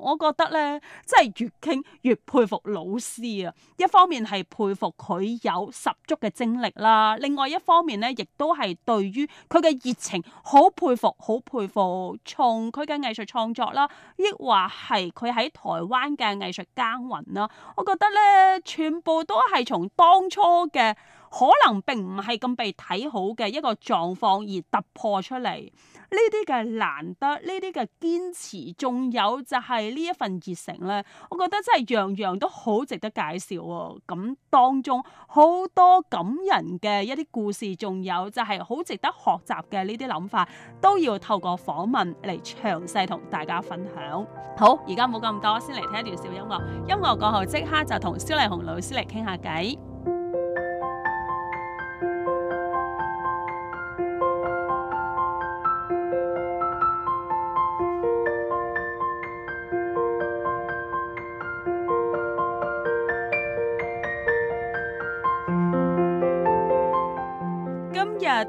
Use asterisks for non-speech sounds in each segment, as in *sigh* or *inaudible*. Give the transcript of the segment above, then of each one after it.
我覺得咧，真係越傾越佩服老師啊！一方面係佩服佢有十足嘅精力啦，另外一方面咧，亦都係對於佢嘅熱情好佩服，好佩服從佢嘅藝術創作啦，亦或係佢喺台灣嘅藝術耕耘啦。我覺得咧，全部都係從當初嘅，可能並唔係咁被睇好嘅一個狀況而突破出嚟，呢啲嘅難得，呢啲嘅堅持，仲有就係呢一份熱誠咧。我覺得真係樣樣都好值得介紹喎、哦。咁當中好多感人嘅一啲故事，仲有就係好值得學習嘅呢啲諗法，都要透過訪問嚟詳細同大家分享。好，而家冇咁多，先嚟聽一段小音樂。音樂過後即刻就同蕭麗虹老師嚟傾下偈。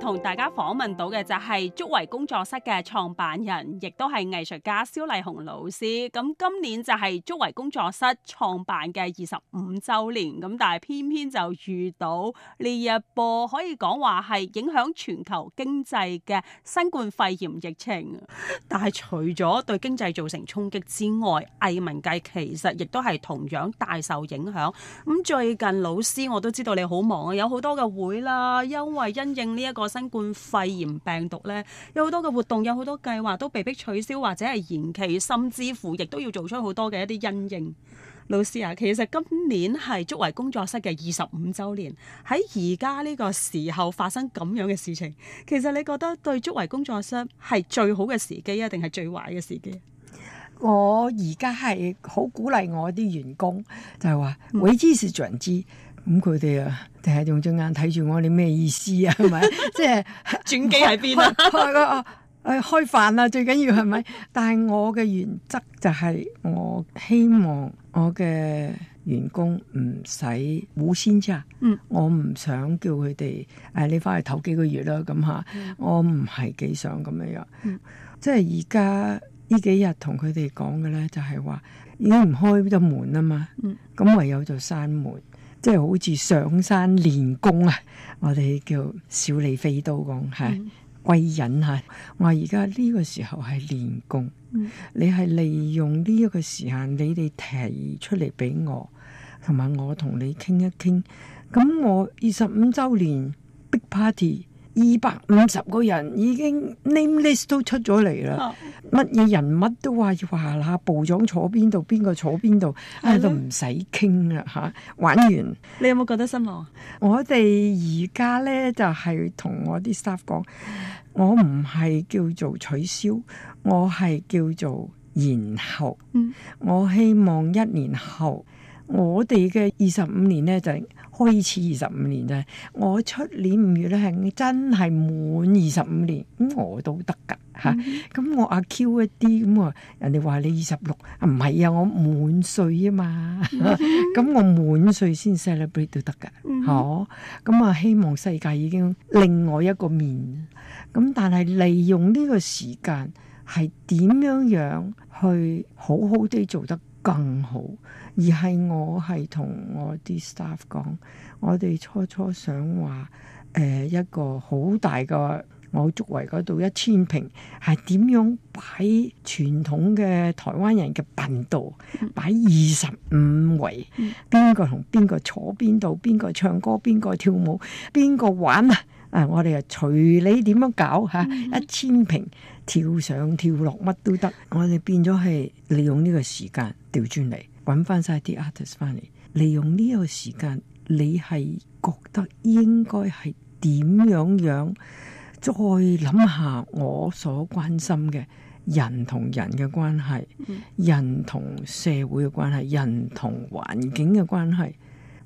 同大家訪問到嘅就係竹圍工作室嘅創辦人，亦都係藝術家蕭麗虹老師。咁今年就係竹圍工作室創辦嘅二十五周年，咁但係偏偏就遇到呢一波可以講話係影響全球經濟嘅新冠肺炎疫情。但係除咗對經濟造成衝擊之外，藝文界其實亦都係同樣大受影響。咁最近老師我都知道你好忙啊，有好多嘅會啦，因為因應呢。一個新冠肺炎病毒呢，有好多嘅活動，有好多計劃都被迫取消或者係延期，甚至乎亦都要做出好多嘅一啲因應。老師啊，其實今年係竹圍工作室嘅二十五周年，喺而家呢個時候發生咁樣嘅事情，其實你覺得對竹圍工作室係最好嘅時機啊，定係最壞嘅時機？我而家係好鼓勵我啲員工，就係話危機是轉機。嗯。咁佢哋啊，淨係用隻眼睇住我，你咩意思啊？係咪即係轉機喺邊啊？開飯啦，最緊要係咪？是是 *laughs* 但係我嘅原則就係，我希望我嘅員工唔使冇先差。嗯，我唔想叫佢哋誒，你翻去唞幾個月啦，咁吓，嗯、我唔係幾想咁樣樣。嗯、即係而家呢幾日同佢哋講嘅咧，就係、是、話已經唔開咗門啊嘛。嗯，咁唯有就閂門。即係好似上山練功啊！我哋叫小李飛刀講係歸隱嚇、啊。我話而家呢個時候係練功，嗯、你係利用呢一個時間，你哋提出嚟俾我，同埋我同你傾一傾。咁我二十五週年 Big Party。二百五十個人已經 name list 都出咗嚟啦，乜嘢、哦、人物都話要話啦，部長坐邊度，邊個坐邊度，都唔使傾啦嚇，玩完。你有冇覺得失望、就是？我哋而家咧就係同我啲 staff 講，我唔係叫做取消，我係叫做延後。嗯、我希望一年後，我哋嘅二十五年咧就是。開始二十五年，年，年、嗯、哼啊！我出年五月咧係真係滿二十五年，咁我都得噶嚇。咁我阿 Q 一啲咁啊，人哋話你二十六，唔係啊，我滿歲啊嘛。咁、嗯哼啊、我滿歲先 celebrate 都得噶，嗬、嗯哼。咁啊，我希望世界已經另外一個面。咁、啊、但係利用呢個時間係點樣樣去好好地做得？更好，而係我係同我啲 staff 講，我哋初初想話誒、呃、一個好大個我竹圍嗰度一千坪，係點樣擺傳統嘅台灣人嘅辦桌，擺二十五圍，邊個同邊個坐邊度，邊個唱歌，邊個跳舞，邊個玩啊！啊！我哋啊，隨你點樣搞吓，mm hmm. 一千平跳上跳落乜都得。分聽我哋變咗係利用呢個時間調轉嚟，揾翻晒啲 artist 翻嚟，利用呢個時間，你係覺得應該係點樣樣？再諗下我所關心嘅人同人嘅關係、mm hmm. 關係，人同社會嘅關係，人同環境嘅關係。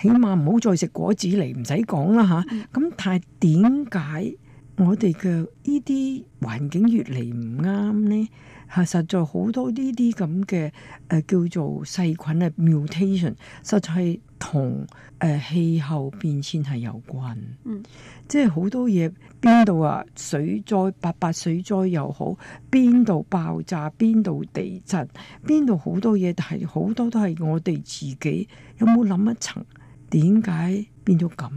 起碼唔好再食果子嚟，唔使講啦嚇。咁、啊、但係點解我哋嘅呢啲環境越嚟唔啱呢？係、啊、實在好多呢啲咁嘅誒叫做細菌嘅 mutation，實在係同誒氣候變遷係有關。嗯、即係好多嘢邊度啊，水災八八水災又好，邊度爆炸，邊度地震，邊度好多嘢係好多都係我哋自己有冇諗一層？點解變咗咁？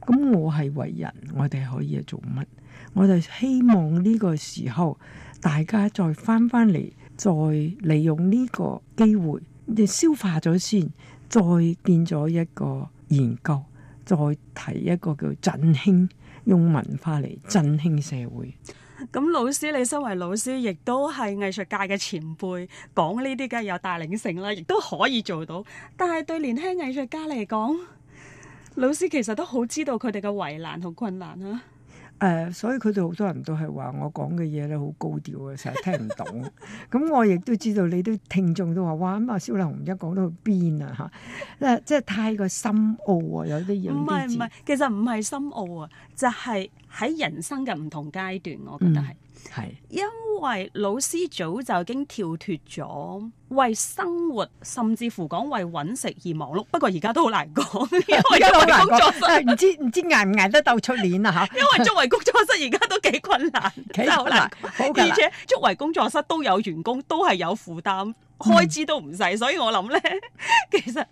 咁我係為人，我哋可以做乜？我就希望呢個時候大家再翻翻嚟，再利用呢個機會，你消化咗先，再變咗一個研究，再提一個叫振興，用文化嚟振興社會。咁老師，你身為老師，亦都係藝術界嘅前輩，講呢啲梗係有大領性啦，亦都可以做到。但係對年輕藝術家嚟講，老師其實都好知道佢哋嘅為難同困難啦。誒、呃，所以佢哋好多人都係話我講嘅嘢咧好高調啊，成日聽唔懂。咁 *laughs* 我亦都知道你都聽眾都話哇，咁啊蕭麗虹而家講到去邊啊？嚇，嗱，即係太過深奧啊，有啲嘢。唔係唔係，其實唔係深奧啊，就係、是、喺人生嘅唔同階段，我覺得係。嗯係，是因為老師早就已經跳脫咗為生活，甚至乎講為揾食而忙碌。不過而家都好難講，因為， *laughs* 難 *laughs* 因為作為工作室，唔知唔知挨唔挨得到出年啊吓。因為作為工作室，而家都幾困難，真係好難。 *laughs* 而且作為工作室都有員工，都係有負擔，開支都唔使。嗯、所以我諗呢，其實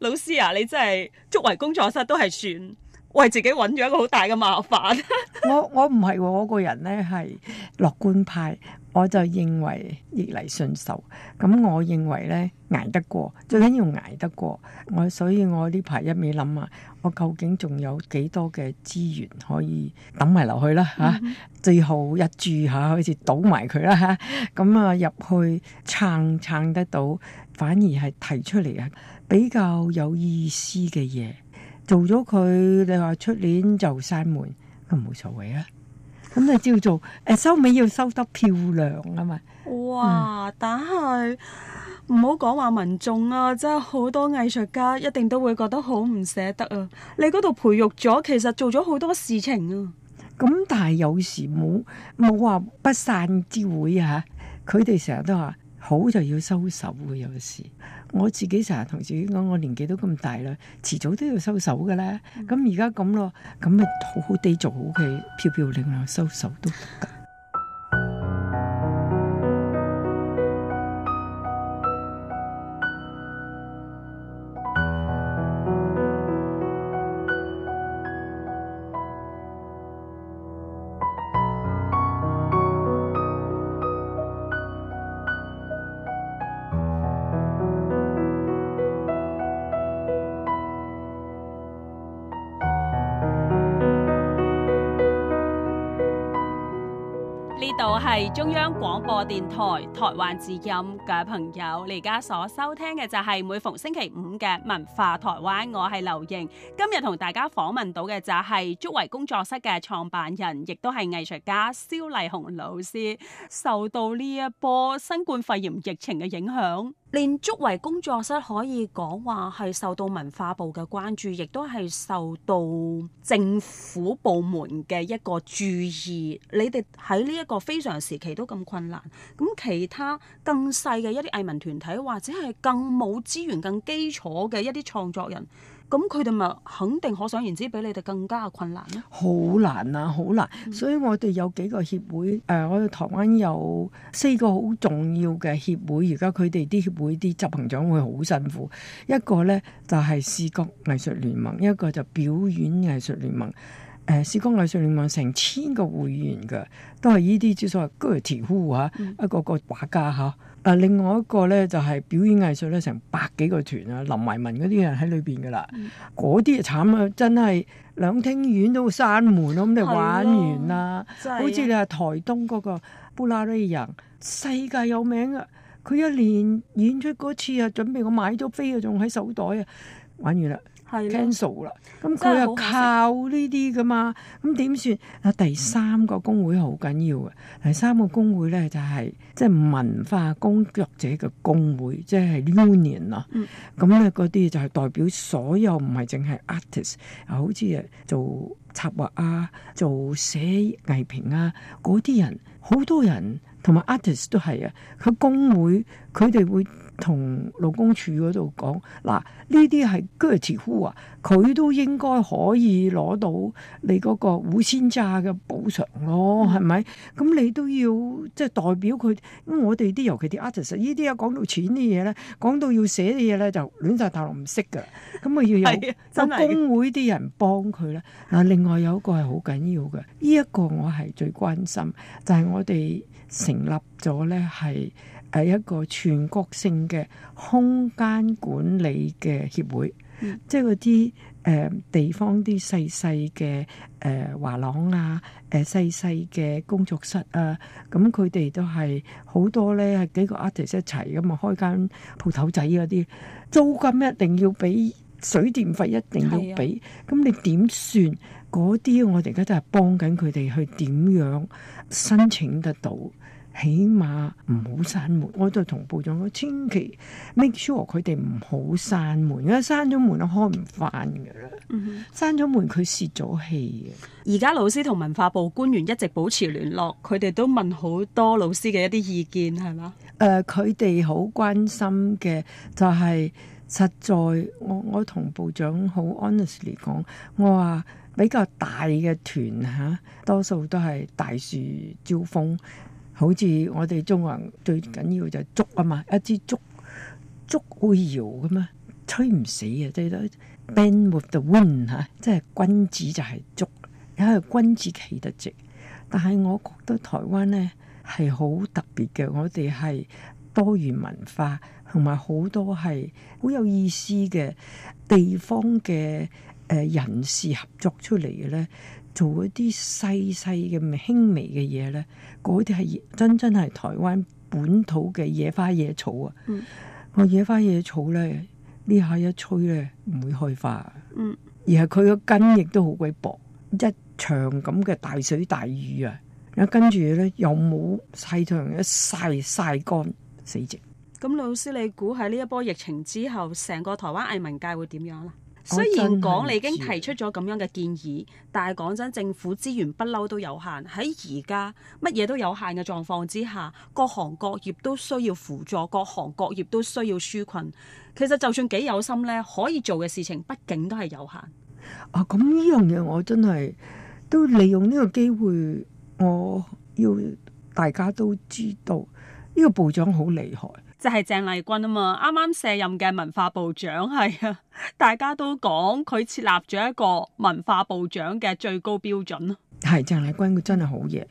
老師啊，你真係作為工作室都係算。為自己揾咗一個好大嘅麻煩。 *laughs* 我我唔係喎，我個人咧，係樂觀派，我就認為逆來順受。咁我認為咧，捱得過，最緊要捱得過。我所以我呢排一味諗啊，我究竟仲有幾多嘅資源可以抌埋落去啦吓，mm hmm. 啊？最好一注，啊，下好似倒埋佢啦吓。咁啊，啊，啊入去撐撐得到，反而係提出嚟啊，比較有意思嘅嘢。做咗佢，你話出年就閂門，都冇所謂啊。咁啊，照做，誒，收尾要收得漂亮啊嘛。哇！嗯、但係唔好講話民眾啊，真係好多藝術家一定都會覺得好唔捨得啊。你嗰度培育咗，其實做咗好多事情啊。咁但係有時冇冇話不散之會啊？佢哋成日都話。好就要收手㗎啊，有時我自己成日同自己講，我年紀都咁大啦，遲早都要收手㗎喇。咁而家咁咯，咁咪好好地做好佢，漂漂亮亮收手都得㗎。呢度係中央廣播電台台灣之音，各位朋友，你而家所收聽嘅就係每逢星期五嘅文化台灣，我係劉瑩。今日同大家訪問到嘅就係竹圍工作室嘅創辦人，亦都係藝術家蕭麗虹老師。受到呢一波新冠肺炎疫情嘅影響。連竹圍工作室可以講話係受到文化部嘅關注，亦都係受到政府部門嘅一個注意。你哋喺呢一個非常時期都咁困難，咁其他更細嘅一啲藝文團體，或者係更冇資源、更基礎嘅一啲創作人。咁佢哋咪肯定可想而知比你哋更加困難咧？好難啊，好難！嗯、所以我哋有幾個協會，誒、呃，我哋台灣有四個好重要嘅協會，而家佢哋啲協會啲執行長會好辛苦。一個咧就係視覺藝術聯盟，一個就表演藝術聯盟。誒、呃，視覺藝術聯盟成千個會員嘅，都係呢啲之所謂，一個個畫家嚇。嗯。誒、另外一個咧就係表演藝術咧，成百幾個團啊，林懷民嗰啲人喺裏邊噶啦，嗰啲啊慘啊，嗯、真係兩廳院都閂門咯，咁你的玩完啦。好似你話台東嗰個布拉尼人，世界有名啊！佢一年演出嗰次啊，準備我買咗飛啊，仲喺手袋啊，玩完啦。cancel 啦，咁佢又靠呢啲噶嘛，咁點算啊？第三個工會好緊要嘅，第三個工會咧就係即係文化工作者嘅工會，即、就、係、是、union 啊，咁咧嗰啲就係代表所有唔係淨係 artist 啊，art ists, 好似誒做插畫啊、做寫藝評啊嗰啲人，好多人。同埋 artist 都係啊，佢工會佢哋會同勞工處嗰度講，嗱呢啲係 guilty 乎啊，佢都應該可以攞到你嗰個五千揸嘅補償咯，係咪、嗯？咁你都要即係、就是、代表佢。咁我哋啲尤其啲 artist，依啲啊講到錢啲嘢咧，講到要寫啲嘢咧，就亂曬頭，唔識嘅。咁啊要有個工會啲人幫佢啦。嗱，另外有一個係好緊要嘅，依、這、一個我係最關心，就係、是、我哋。成立咗咧，係誒一個全國性嘅空間管理嘅協會，嗯、即係嗰啲誒地方啲細細嘅誒畫廊啊，誒細細嘅工作室啊，咁佢哋都係好多咧，係幾個 artist 一齊咁啊，開間鋪頭仔嗰啲，租金一定要俾，水電費一定要俾，咁、啊、你點算？嗰啲我哋而家都係幫緊佢哋去點樣申請得到，起碼唔好閂門。我喺度同部長講，千祈 make sure 佢哋唔好閂門，因為閂咗門都開唔翻噶啦，閂咗、嗯、哼門佢泄咗氣啊。而家老師同文化部官員一直保持聯絡，佢哋都問好多老師嘅一啲意見係嘛？誒，佢哋好關心嘅就係、是。實在，我我同部長好 honestly 講，我話比較大嘅團嚇，啊，多數都係大樹招風。好似我哋中國人最緊要就係竹啊嘛，一支竹，竹會搖噶嘛，吹唔死、就是、wind，啊！即係 band with the wind 嚇，即係君子就係竹，因為君子企得直。但係我覺得台灣呢係好特別嘅，我哋係多元文化。同埋好多係好有意思嘅地方嘅誒人士合作出嚟嘅咧，做一啲細細嘅輕微嘅嘢咧，嗰啲係真真係台灣本土嘅野花野草啊！嗯，我野花野草咧，呢下一吹咧唔會開花，嗯，而係佢個根亦都好鬼薄，一場咁嘅大水大雨啊，那跟住咧又冇太陽一曬曬乾，死淨。咁，老師，你估喺呢一波疫情之後，成個台灣藝文界會點樣啦？雖然講你已經提出咗咁樣嘅建議，但係講真，政府資源不嬲都有限。喺而家乜嘢都有限嘅狀況之下，各行各業都需要輔助，各行各業都需要紓困。其實就算幾有心呢，可以做嘅事情，畢竟都係有限。啊！咁呢樣嘢，我真係都利用呢個機會，我要大家都知道呢個部長好厲害。就係鄭麗君啊嘛，啱啱卸任嘅文化部長係啊，大家都講佢設立咗一個文化部長嘅最高標準咯。係鄭麗君佢真係好嘢，誒、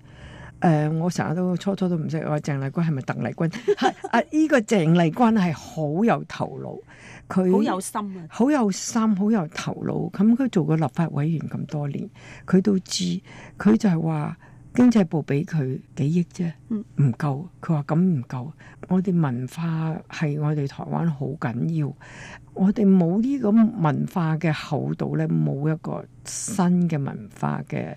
呃，我成日都初初都唔識，話鄭麗君係咪鄧麗君？係 *laughs* 啊，依、啊這個鄭麗君係好有頭腦，佢好有心啊，好有心，好 *laughs* 有頭腦。咁佢做過立法委員咁多年，佢都知，佢就係話。經濟部俾佢幾億啫，唔、嗯、夠。佢話咁唔夠，我哋文化係我哋台灣好緊要，我哋冇呢個文化嘅厚度咧，冇一個新嘅文化嘅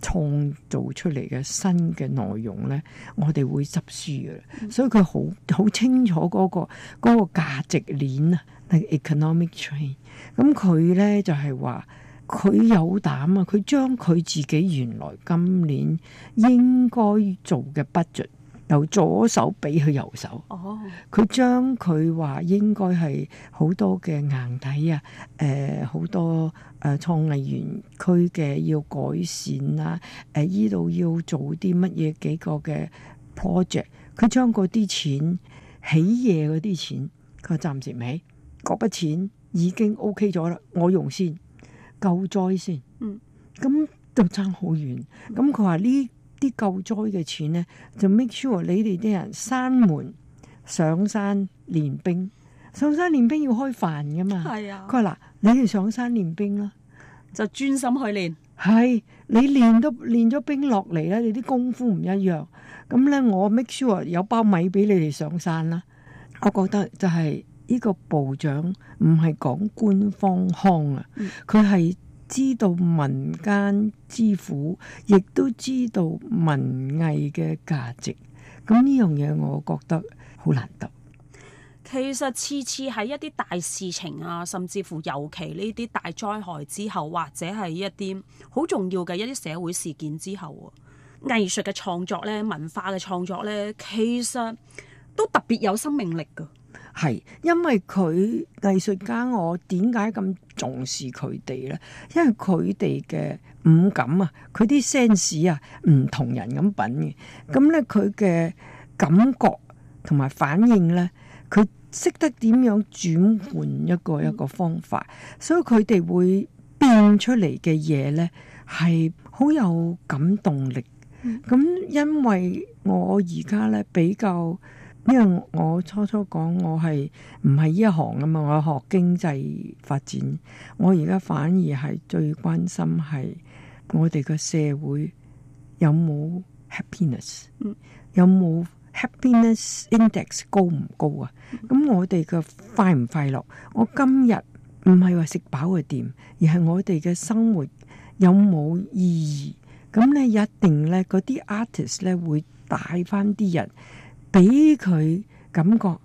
創造出嚟嘅新嘅內容咧，我哋會執輸㗎！嗯、所以佢好好清楚嗰、那個嗰、那個、價值鏈啊，economic chain 咁佢咧就係、是、話。佢有膽啊！佢將佢自己原來今年應該做嘅 budget 由左手俾佢右手。哦，佢將佢話應該係好多嘅硬體啊，誒、呃、好多誒、呃、創意園區嘅要改善啦、啊，誒依度要做啲乜嘢幾個嘅 project。佢將嗰啲錢起嘢嗰啲錢，佢暫時未嗰筆錢已經 O K 咗啦，我用先。救災先，咁、嗯、就爭好遠。咁佢話呢啲救災嘅錢咧，就 make sure 你哋啲人山門上山練兵，上山練兵要開飯㗎嘛。係啊，佢話嗱，你哋上山練兵啦，就專心去練。係，你練都練咗兵落嚟咧，你啲功夫唔一樣。咁咧，我 make sure 有包米俾你哋上山啦。我覺得就係、是。呢個部長唔係講官方腔啊，佢係知道民間之苦，亦都知道文藝嘅價值。咁呢樣嘢，我覺得好難得。其實次次喺一啲大事情啊，甚至乎尤其呢啲大災害之後，或者係一啲好重要嘅一啲社會事件之後，藝術嘅創作呢、文化嘅創作呢，其實都特別有生命力噶。係，因為佢藝術家，我點解咁重視佢哋呢？因為佢哋嘅五感啊，佢啲 sense 啊，唔同人咁品嘅。咁呢，佢嘅感覺同埋反應呢，佢識得點樣轉換一個一個方法，嗯、所以佢哋會變出嚟嘅嘢呢，係好有感動力。咁因為我而家呢，比較。因為我初初講我係唔係呢一行㗎嘛，我學經濟發展，我而家反而係最關心係我哋個社會有冇 happiness，有冇 happiness index 高唔高啊？咁我哋嘅快唔快樂？我今日唔係話食飽嘅店，而係我哋嘅生活有冇意義？咁咧一定咧，嗰啲 artist 咧會帶返啲人。俾佢感覺，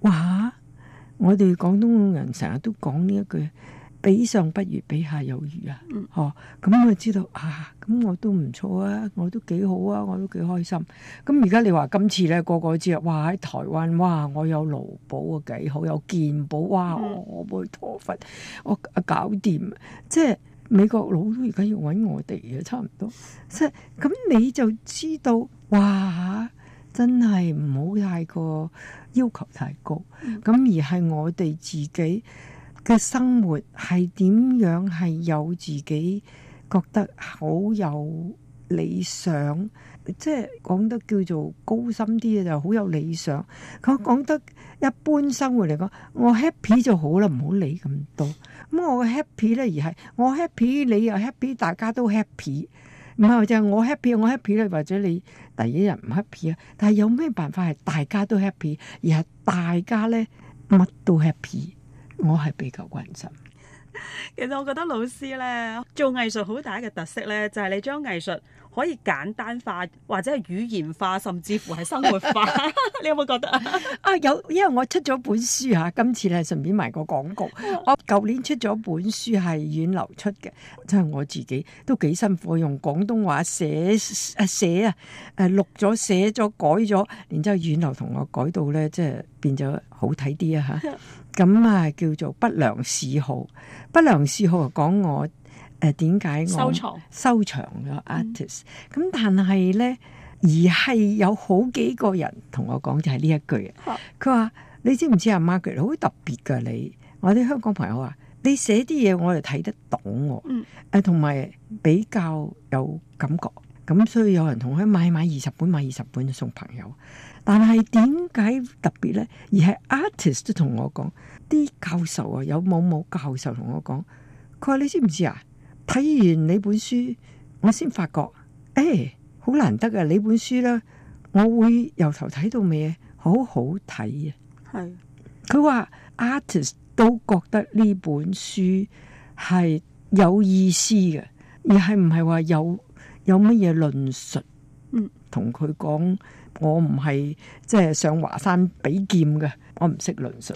哇！我哋廣東人成日都講呢一句，比上不如，比下有餘啊。哦，咁佢知道啊，咁我都唔錯啊，我都幾好啊，我都幾開心。咁而家你話今次咧，個個都知啦，哇！喺台灣，哇！我有勞保啊，幾好，有健保，哇！阿彌陀佛，我搞啊搞掂，即係美國佬都而家要搵外地嘢，差唔多。即係咁你就知道，哇！真係唔好太過要求太高，咁而係我哋自己嘅生活係點樣係有自己覺得好有理想，即係講得叫做高深啲嘅就好有理想。咁講得一般生活嚟講，我 happy 就好啦，唔好理咁多。咁我 happy 咧，而係我 happy，你又 happy，大家都 happy。唔係就係我 happy，我 happy 咧，或者你第一日唔 happy 啊。但係有咩辦法係大家都 happy，而係大家咧乜都 happy？我係比較關心。其實我覺得老師咧做藝術好大嘅特色咧，就係、是、你將藝術。可以簡單化，或者係語言化，甚至乎係生活化。 *laughs* 你有冇覺得 *laughs* 啊？啊有，因為我出咗本書嚇，今次咧順便埋個廣告。 *laughs* 我舊年出咗本書係遠流出嘅，即係我自己都幾辛苦，用廣東話寫寫，寫，寫，寫啊，誒錄咗、寫咗、改咗，然之後遠流同我改到咧，即係變咗好睇啲啊嚇。咁啊叫做不良嗜好，不良嗜好講我。誒點解我收藏收藏咗 artist？咁、嗯、但係咧，而係有好幾個人同我講就係呢一句。佢話、嗯：你知唔知阿 Margaret 好特別㗎！你我啲香港朋友話：你寫啲嘢我哋睇得懂，誒同埋比較有感覺。咁所以有人同佢買買二十本買二十本送朋友。但係點解特別咧？而係 artist 都同我講啲教授啊，有冇冇教授同我講，佢話你知唔知啊？睇完呢本書，我先發覺，誒、欸，好難得啊！呢本書咧，我會由頭睇到尾，好好睇啊！係佢話是 artist 都覺得呢本書係有意思嘅，而係唔係話有有乜嘢論述？嗯，同佢講，我唔係即係上華山比劍嘅，我唔識論述。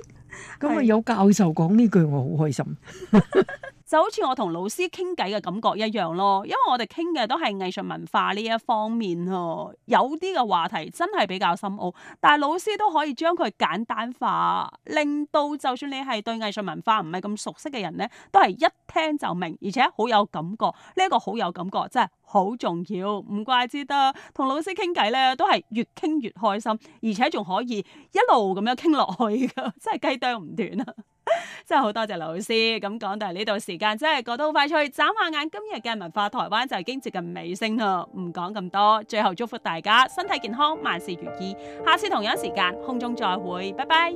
咁啊，有教授講呢句，我好開心。是 *laughs* 就好似我同老師傾偈嘅感覺一樣咯，因為我哋傾嘅都係藝術文化呢一方面哦，有啲嘅話題真係比較深奧，但係老師都可以將佢簡單化，令到就算你係對藝術文化唔係咁熟悉嘅人呢都係一聽就明，而且好有感覺。呢一個好有感覺，真係好重要，唔怪之得同老師傾偈呢都係越傾越開心，而且仲可以一路咁樣傾落去㗎，真係雞啄唔斷啊！ *laughs* 真係好多謝劉老師，咁講到呢度，時間真係過到好快脆，眨下眼，眼今日嘅文化台灣就已經接近尾聲啦，唔講咁多，最後祝福大家身體健康，萬事如意，下次同樣時間空中再會，拜拜。